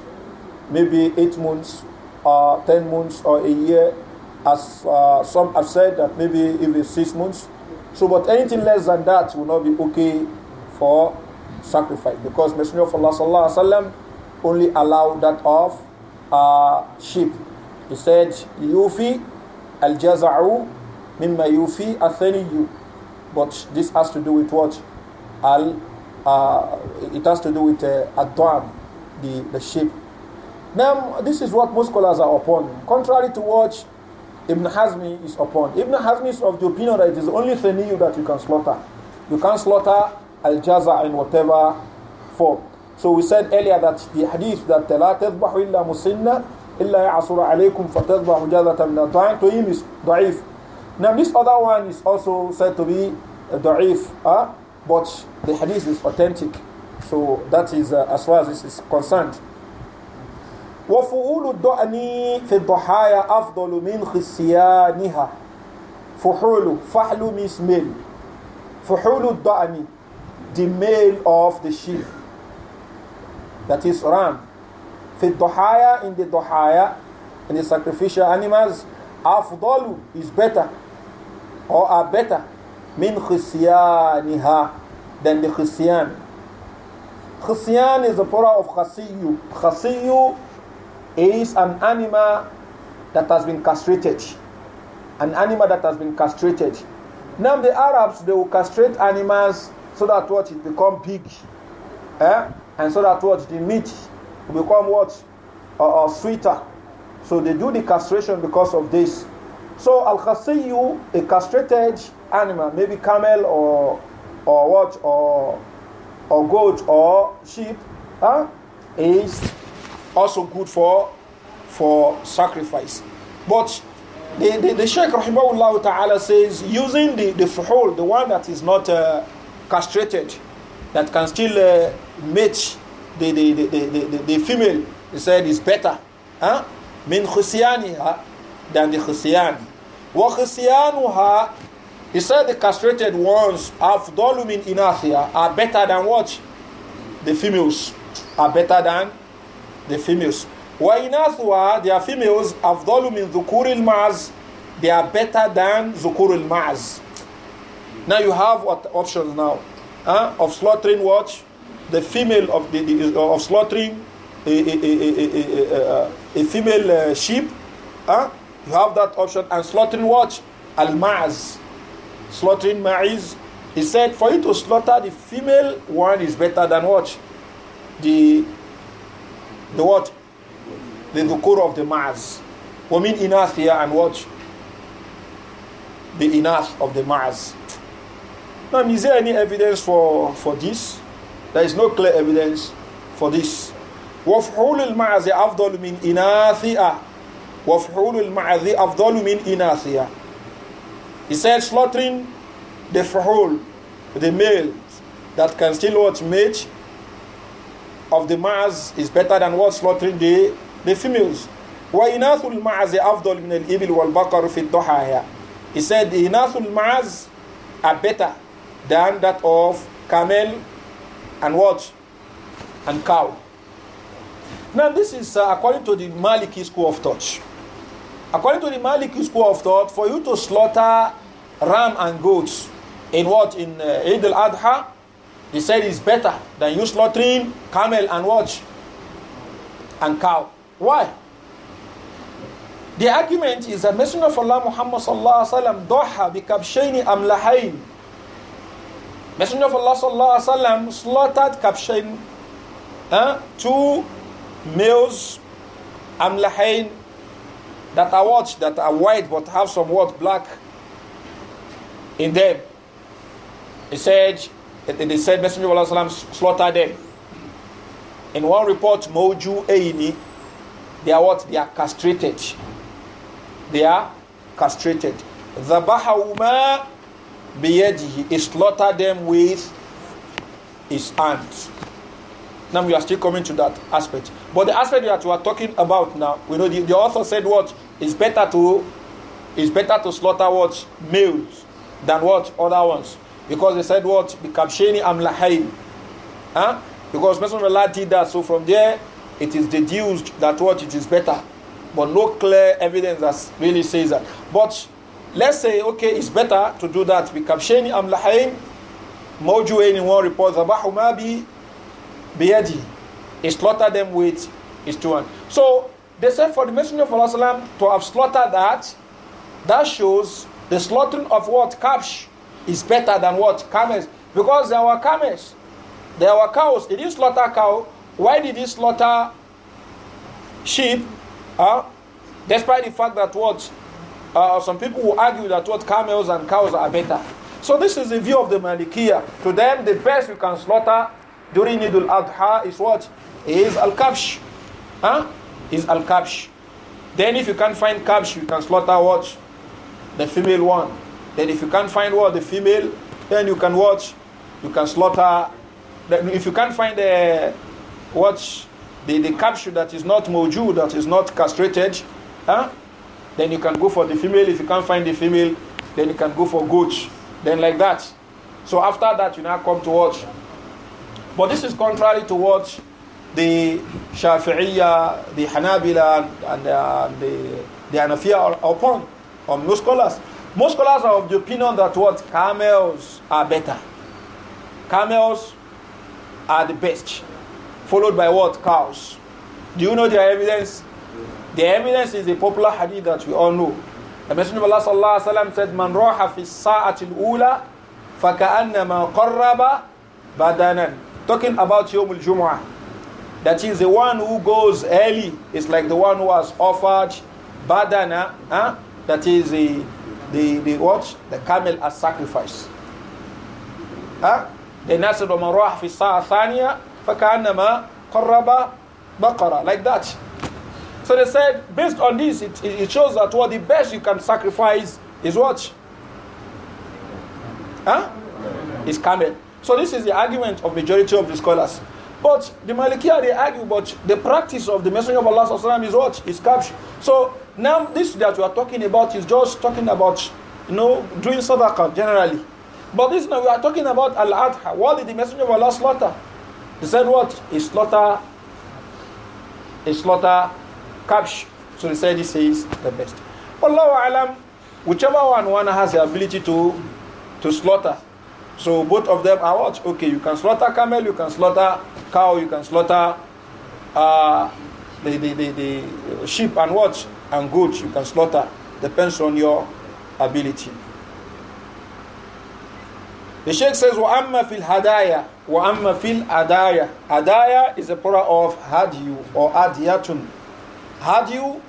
Speaker 1: maybe eight months or uh, ten months or a year, as uh, some have said that maybe even six months. So, but anything less than that will not be okay for sacrifice because Messenger of Allah sallallahu alaihi wasallam only allowed that of uh, sheep. He said, "Yufi al jaza'u mimma yufi athaniyu," but this has to do with what al uh, it has to do with uh, adwan, the the sheep. Now, this is what most scholars are upon, contrary to what Ibn Hazmi is upon. Ibn Hazmi is of the opinion that it is only thaniyu that you can slaughter. You can't slaughter al-jaza' in whatever form. So we said earlier that the hadith that لا تذبح إلا مسنة إلا يعصر عليكم فتذبح جذة من الطعام to him is ضعيف. Now this other one is also said to be ضعيف, Uh, but the hadith is authentic. So that is uh, as far as this is concerned. وفعول الدعني في الضحايا أفضل من خصيانها فحول فحل مسمل فحول الدعني the male of the sheep. That is ram. Fit dohaya in the dohaya in the sacrificial animals, afdalu is better or are better min khisiyaniha than the khisyan. Khisyan is the plural of khasiyu. Khasiyu is an animal that has been castrated. An animal that has been castrated. Now the Arabs they will castrate animals so that what it become big, eh? and so that what the meat will become what uh, uh, sweeter. So they do the castration because of this. So al you a castrated animal, maybe camel or or what or or goat or sheep, huh? is also good for for sacrifice. But the, the, the Shaykh Rahimahullah Ta'ala says using the, the fuhul, the one that is not uh, castrated that can still uh, mate the, the, the, the, the, female, he said is better huh? min khusyaniha than the khusyan. Wa khusyanuha, he said the castrated ones, afdalu in inathia, are better than what? The females are better than the females. Wa inathwa, their females, of dolumin dhukuril maz, they are better than dhukuril maz. Now you have what options now huh? of slaughtering what the female of the, the uh, of slaughtering a, a, a, a female uh, sheep. Huh? You have that option and slaughtering what al maz, slaughtering maize. He said for you to slaughter the female one is better than what the the what the dhukur of the maz. Women inath here and what the inath of the maz. Now, is there any evidence for, for this? There is no clear evidence for this. وَفْحُولُ الْمَعَذِ أَفْضَلُ مِنْ إِنَاثِئَ وَفْحُولُ الْمَعَذِ أَفْضَلُ مِنْ إِنَاثِئَ He said slaughtering the fuhul, the male that can still what mate of the ma'az is better than what slaughtering the, the females. وَإِنَاثُ الْمَعَذِ أَفْضَلُ مِنَ الْإِبِلِ وَالْبَقَرُ فِي الضُّحَايَا He said the إِنَاثُ الْمَعَذِ are better than that of camel and what? And cow. Now, this is uh, according to the Maliki school of thought. According to the Maliki school of thought, for you to slaughter ram and goats in what? In uh, Eid al Adha, they said it's better than you slaughtering camel and what? And cow. Why? The argument is that Messenger of Allah Muhammad sallallahu alaihi wasallam doha bi kabshaini amlahain Messenger of Allah sallallahu alaihi wasallam slaughtered, captured huh, two males amlahain that are what that are white but have some what black in them. He said, they said Messenger of Allah sallam, slaughtered them. In one report, Moju Aini, they are what? They are castrated. They are castrated. The ذبحهما biyadihi, he slaughtered them with his hands. Now we are still coming to that aspect. But the aspect that we are talking about now, we know the, the author said what is better to is better to slaughter what? Males than what? Other ones. Because they said what? Bikamsheni amlahain. Huh? Because Messenger of Allah did that. So from there, it is deduced that what? It is better. But no clear evidence that really says that. But Let's say, okay, it's better to do that بكبشين أملحين موجوين in one report ذبحهما بيدي He slaughtered them with his two hands. So they said for the Messenger of Allah to have slaughtered that, that shows the slaughtering of what? Kabsh is better than what? Camels. Because there were camels. There were cows. He didn't slaughter cow. Why did he slaughter sheep? Huh? Despite the fact that what? uh, some people will argue that what camels and cows are better. So this is the view of the Malikiya. To them, the best you can slaughter during Idul Adha is what? Is al-kabsh. Huh? Is al-kabsh. Then if you can't find kabsh, you can slaughter what? The female one. Then if you can't find what? The female, then you can watch. You can slaughter. If you can't find the what? The, the kabsh that is not moju, that is not castrated, huh? Then you can go for the female. If you can't find the female, then you can go for goat. Then like that. So after that, you now come to watch. But this is contrary to what the Shafi'iyya, the Hanabila, uh, and, the, the Hanafiya are upon, or most scholars. Most scholars are of the opinion that what camels are better. Camels are the best, followed by what cows. Do you know their evidence? The evidence is a popular hadith that we all know. The Messenger of Allah said, "Man roha fi sa'atil ula, faka'annama qarraba badanan." Talking about Yomul Jumu'ah. That is the one who goes early is like the one who has offered badana, huh? that is the, the, the what? The camel as sacrifice. Huh? The Nasir of Man roha fi sa'at thaniya, faka'annama qarraba baqara. Like that. So they said, based on this, it, it shows that what the best you can sacrifice is what? Huh? Is camel. So this is the argument of majority of the scholars. But the Malikiyah they argue, but the practice of the Messenger of Allah wasallam is what? Is capture. So now this that we are talking about is just talking about, you know, doing sadaqah generally. But this now we are talking about Al-Adha. What did the Messenger of Allah slaughter? He said what? He slaughter, he slaughter catch. So he said this is the best. Allahu alam, whichever one one has the ability to to slaughter. So both of them are what? Okay, you can slaughter camel, you can slaughter cow, you can slaughter uh, the, the, the, the sheep and what? And goats you can slaughter. Depends on your ability. The Sheikh says, wa'amma fil hadaya wa'amma fil adaya. Adaya is a plural of hadyu or adiyatun Hadiu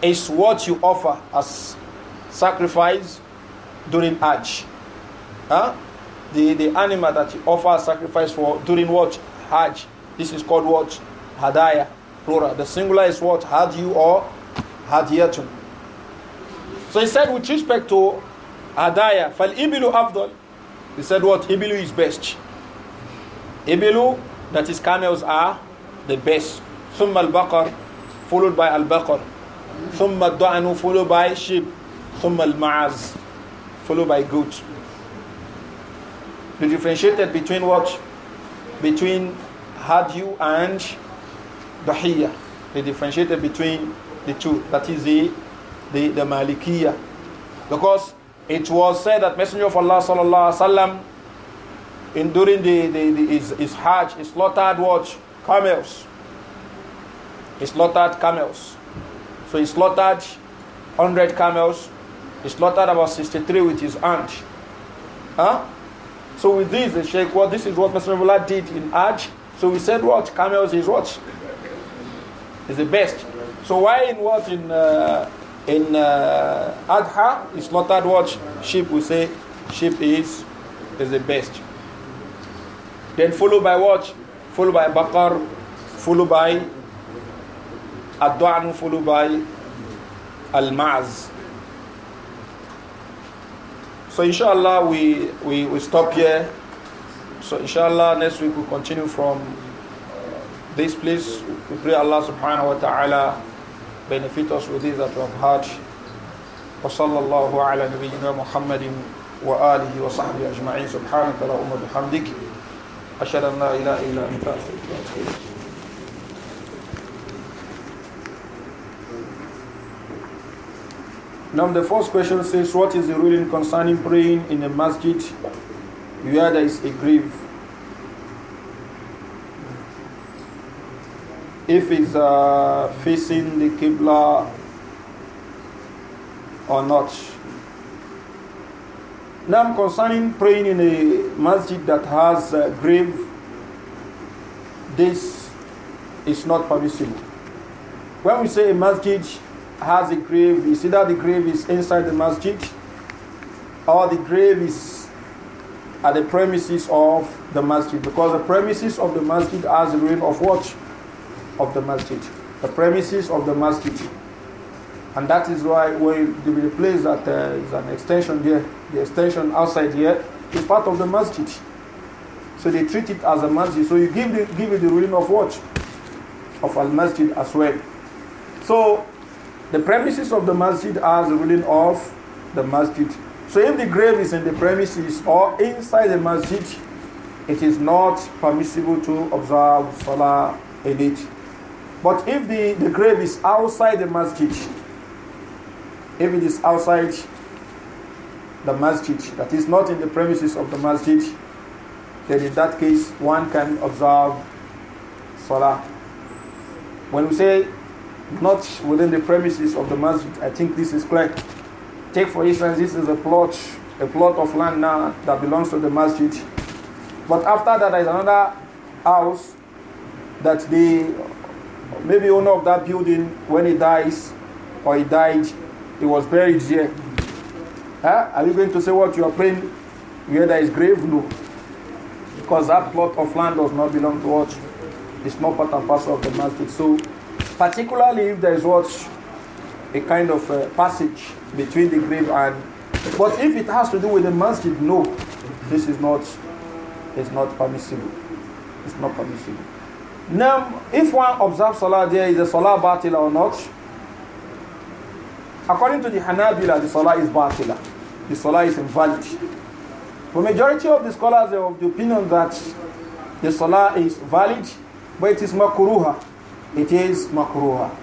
Speaker 1: is what you offer as sacrifice during Hajj. Huh? The, the animal that you offer sacrifice for during what? Hajj. This is called what? Hadaya. Plural. The singular is what? Hadiu or Hadiyatun. So he said with respect to Hadaya, Fal Ibilu Abdul, He said what? Ibilu is best. Ibilu, that is camels, are the best. Summa al-Baqar, followed by Al-Baqar. ثم الضأن followed by sheep. ثم maaz followed by goat. They differentiated between what? Between hadyu and dahiyya. They differentiated between the two. That is the, the, the malikiyya. Because it was said that Messenger of Allah sallallahu alaihi wasallam in during the, the, the his, his Hajj, he slaughtered what? Camels. He slaughtered camels. So he slaughtered 100 camels. He slaughtered about 63 with his hand. Huh? So with this, the Sheikh, well, this is what Messenger did in Hajj. So we said what? Camels is what? Is the best. So why in what? In uh, in uh, Adha, he slaughtered what? Sheep, we say sheep is is the best. Then followed by what? Followed by Bakar, followed by الدعن فلو باي المعز So inshallah we, we, we stop here. So inshallah next week we continue from this place. We pray Allah subhanahu wa ta'ala benefit us with this that we have had. وصلى الله على نبينا محمد وآله وصحبه أجمعين سبحانك اللهم وبحمدك أشهد أن لا إله إلا أنت أستغفرك Now the first question says, what is the ruling concerning praying in a masjid where there is a grave? If it's uh, facing the Qibla or not. Now concerning praying in a masjid that has a grave, this is not permissible. When we say a masjid, has a grave is either the grave is inside the masjid or the grave is at the premises of the masjid because the premises of the masjid has the grave of what? Of the masjid. The premises of the masjid. And that is why when the place that uh, is an extension there, the extension outside here is part of the masjid. So they treat it as a masjid. So you give, the, give it the ruling of what? Of al masjid as well. So the premises of the masjid are the ruling of the masjid. So if the grave is in the premises or inside the masjid, it is not permissible to observe salah in it. But if the, the grave is outside the masjid, if it is outside the masjid, that is not in the premises of the masjid, then in that case one can observe salah. When we say not within the premises of the masjid. I think this is clear. Take for instance, this is a plot, a plot of land now that belongs to the masjid. But after that, there is another house that the maybe owner of that building, when he dies or he died, he was buried here. Huh? Are you going to say what you are praying where there is grave? No. Because that plot of land does not belong to us. It's not part and parcel of the masjid. So Particularly if there is what a kind of uh, passage between the grave and. But if it has to do with the masjid, no, this is not. It's not permissible. It's not permissible. Now, if one observes salah there is a salah batila or not, according to the Hanabila, the salah is batila. The salah is invalid. The majority of the scholars are of the opinion that the salah is valid, but it is makruha it is makruha.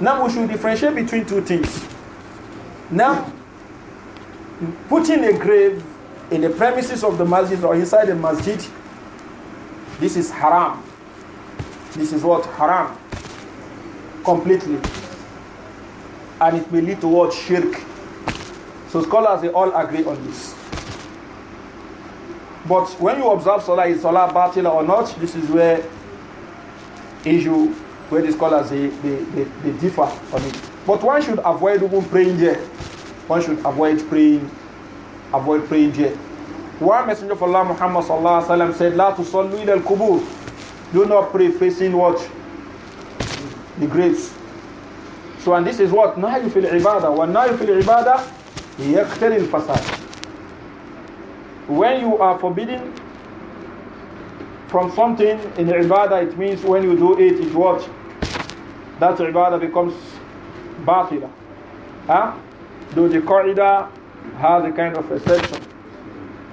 Speaker 1: Now we should differentiate between two things. Now, putting a grave in the premises of the masjid or inside the masjid, this is haram. This is what? Haram. Completely. And it may lead towards Shirk. So scholars, they all agree on this. But when you observe Salah, is Salah batila or not? This is where issue where the scholars they, they, they, they, differ on it. But one should avoid even praying there. One should avoid praying, avoid praying there. One messenger of Allah Muhammad sallallahu said, "La to ila al-kubur." Do not pray facing what the graves. So and this is what now you feel ibadah. now you feel ibadah yaqtari al-fasad. When you are forbidden from something in ibadah, it means when you do it, it what? That ibadah becomes batila. Huh? Do the corridor has a kind of exception.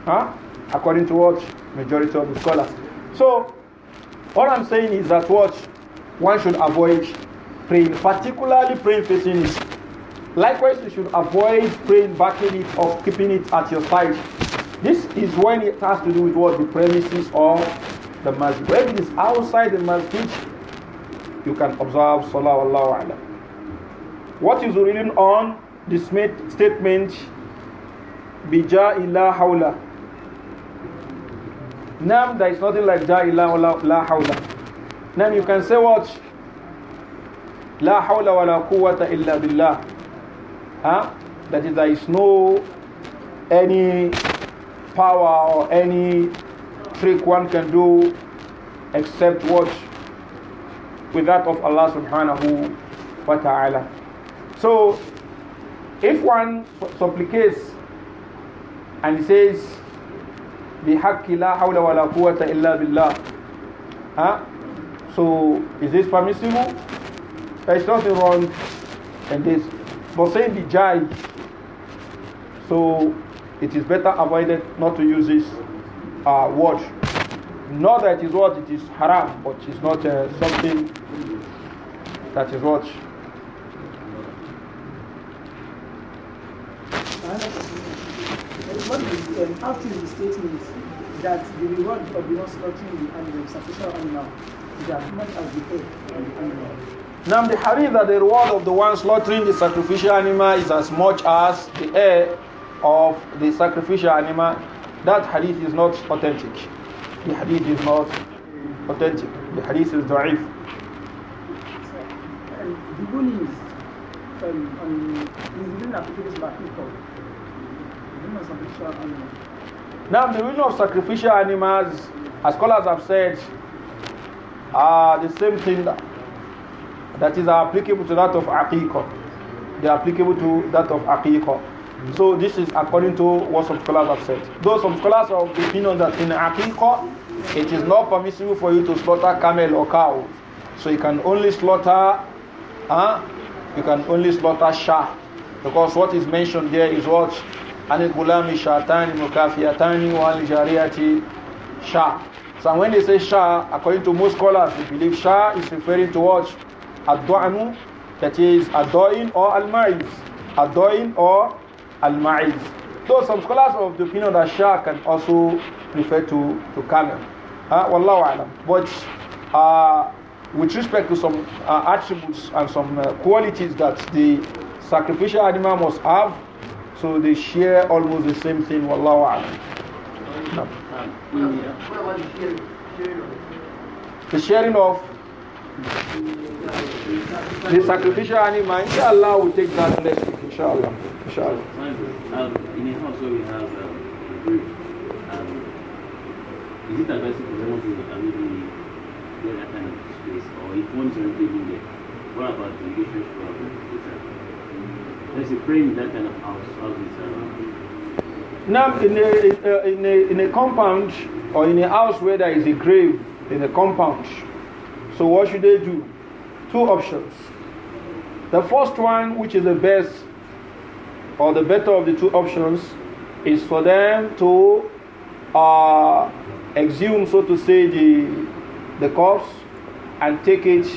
Speaker 1: Huh? According to what? Majority of the scholars. So, what I'm saying is that what? One should avoid praying, particularly praying facing it. Likewise, you should avoid praying backing it or keeping it at your side. This is when it has to do with what the premises of the masjid. When it is outside the masjid, you can observe Salah Allahu What is written on this statement? Bija ila hawla. Nam, there is nothing like ja ila la hawla. Nam, you can say what? La hawla wa la quwwata illa billah. Huh? That is, there is no any power or any Trick one can do except watch With that of Allah subhanahu wa ta'ala. So, if one supplicates and he says, بِحَقِّ لَا حَوْلَ وَلَا قُوَّةَ إِلَّا بِاللَّهِ huh? So, is this permissible? There's nothing wrong in this. But saying the jai, so it is better avoided not to use this uh, watch. Not that it is what it is haram, but it's not uh, something that is what. after um, the statement that the reward of the not slaughtering the animal, sacrificial animal, is as much as the pay of the animal. Now the hadith that the reward of the one slaughtering the sacrificial animal is as much as the air of the sacrificial animal that hadith is not authentic. The hadith is not authentic. The hadith is da'if. The ruling um, um, is um, on Now, the ruling of sacrificial animals, as scholars have said, are the same thing that, that is applicable to that of aqiqah. They are applicable to that of aqiqah. So this is according to what some scholars have said. Though some scholars are the opinion that in Aqiqah, it is not permissible for you to slaughter camel or cow. So you can only slaughter, huh? you can only slaughter shah. Because what is mentioned there is what? anigulami shatani mukafiyatani wa shah. So when they say shah, according to most scholars, they believe shah is referring to what? Ad-du'anu, is adoin or al-ma'iz. Adoin or al-ma'id. So some scholars of the opinion that Shah can also refer to, to camel. Huh? Wallahu alam. But uh, with respect to some uh, attributes and some uh, qualities that the sacrificial animal must have, so they share almost the same thing. Wallahu alam. No. The sharing of the sacrificial animal, inshallah, will take that next week, inshallah. inshallah. Um, in a house where we have a um, group, um, is it advisable for someone to maybe get that kind of space, or if is already living there, what about the issues for let a say in that kind of house, house uh, now, in a, in, a, in a compound or in a house where there is a grave in a compound, so what should they do? Two options. The first one, which is the best or the better of the two options, is for them to uh, exhume, so to say, the, the corpse and take it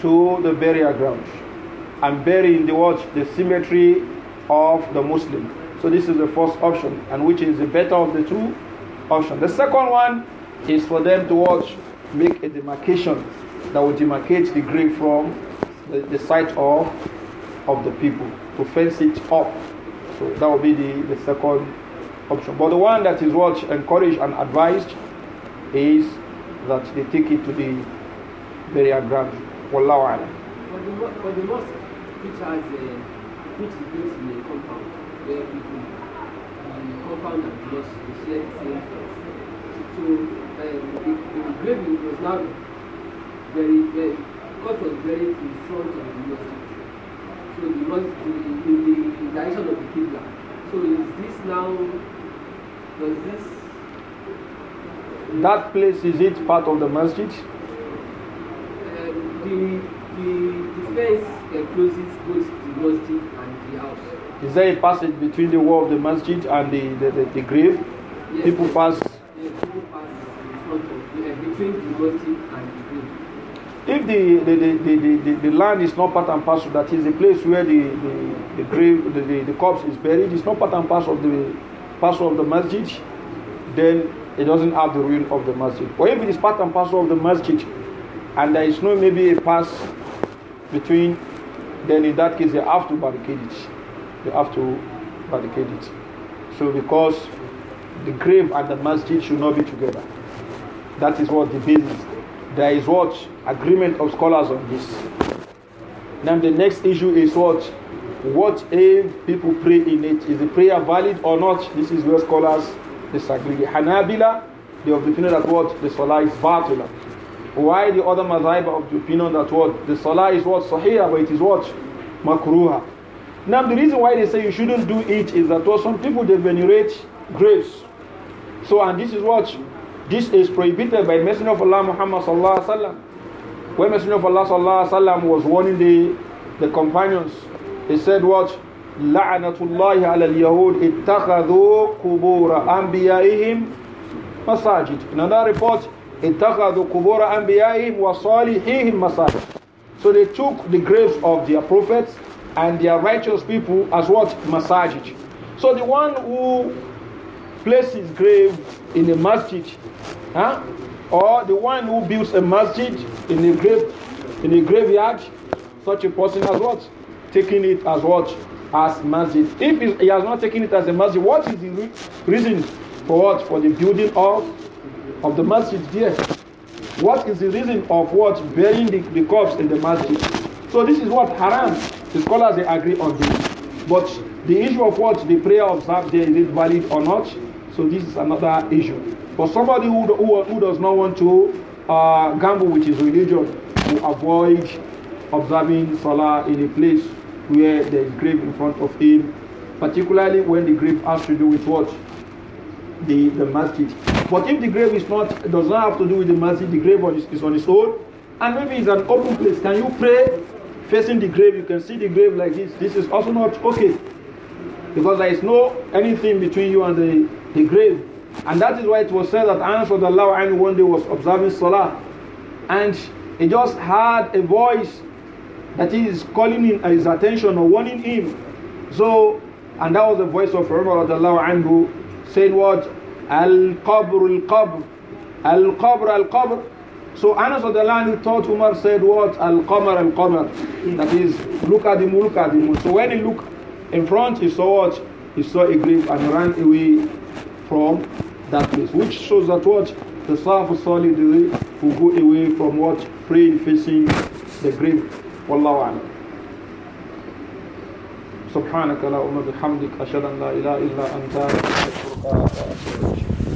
Speaker 1: to the burial ground and bury in the watch the cemetery of the Muslim. So this is the first option, and which is the better of the two options. The second one is for them to watch, make a demarcation that will demarcate the grave from the, the site of of the people to fence it off. So that will be the, the second option. But the one that is what encouraged and advised is that they take it to the burial ground. For the, for the mosque, which has a, which is built in a compound, where people, the compound and the mosque, share the same place. So um, the, the engraving was now very buried, God was buried in front of the US So the mosque in the direction of the Qibla. So is this now, does this... That place, is it part of the masjid? Um, the, the, the fence encloses both the masjid and the house. Is there a passage between the wall of the masjid and the, the, the, the grave? Yes, people pass. Yes, people pass in front of, uh, between the masjid if the, the, the, the, the, land is not part and parcel, that is the place where the, the, the grave, the, the, the, corpse is buried, it's not part and parcel of the parcel of the masjid, then it doesn't have the ruin of the masjid. Or if it is part and parcel of the masjid, and there is no maybe a pass between, then in that case they have to barricade it. They have to barricade it. So because the grave and the masjid should not be together. That is what the business. There is what? Agreement of scholars on this. Now the next issue is what? What if people pray in it? Is the prayer valid or not? This is where scholars disagree. The Hanabila, they have the opinion that what? The Salah is batula. Why the other Madhaiba of the opinion that what? The Salah is what? Sahih, but it is what? Makruha. Now the reason why they say you shouldn't do it is that what some people they venerate graves. So and this is what this is prohibited by the Messenger of Allah Muhammad sallallahu alaihi wasallam. When Messenger of Allah sallallahu alaihi wasallam was warning the, the companions, he said, "Watch, la'anatullahi ala al-yahud ittakhadhu kubura anbiya'ihim masajid." In another report, ittakhadhu kubura anbiya'ihim wa salihihim masajid. So they took the graves of their prophets and their righteous people as what masajid. So the one who places grave in a masjid, huh? or the one who builds a masjid in a grave, in a graveyard, such a person has what? Taking it as what? As masjid. If he has not taken it as a masjid, what is the re reason for what? For the building of of the masjid there. What is the reason of what burying the, the corpse in the masjid? So this is what haram. The scholars they agree on this. But the issue of what the prayer observed there is it valid or not? So this is another issue. For somebody who, who, who does not want to uh, gamble with his religion, to avoid observing Salah in a place where there is grave in front of him, particularly when the grave has to do with what? The, the masjid. But if the grave is not does not have to do with the masjid, the grave on, is on its own, and maybe it's an open place. Can you pray facing the grave? You can see the grave like this. This is also not okay because there is no anything between you and the the grave. And that is why it was said that Anas one day was observing Salah and he just heard a voice that is calling him his attention or warning him. So, and that was the voice of Umar anhu saying what? Al-Qabr, Al-Qabr, Al-Qabr, Al-Qabr. So Anas anhu thought Umar said what? Al-Qamar, Al-Qamar. That is, look at him, look at him. So when he looked in front, he saw what? He saw a grave and ran away from that place, which shows that what the Salafu Salih will go away from what praying facing the grave. Wallahu alam. سبحانك اللهم بحمدك أشهد أن لا إله إلا أنت أستغفرك وأتوب إليك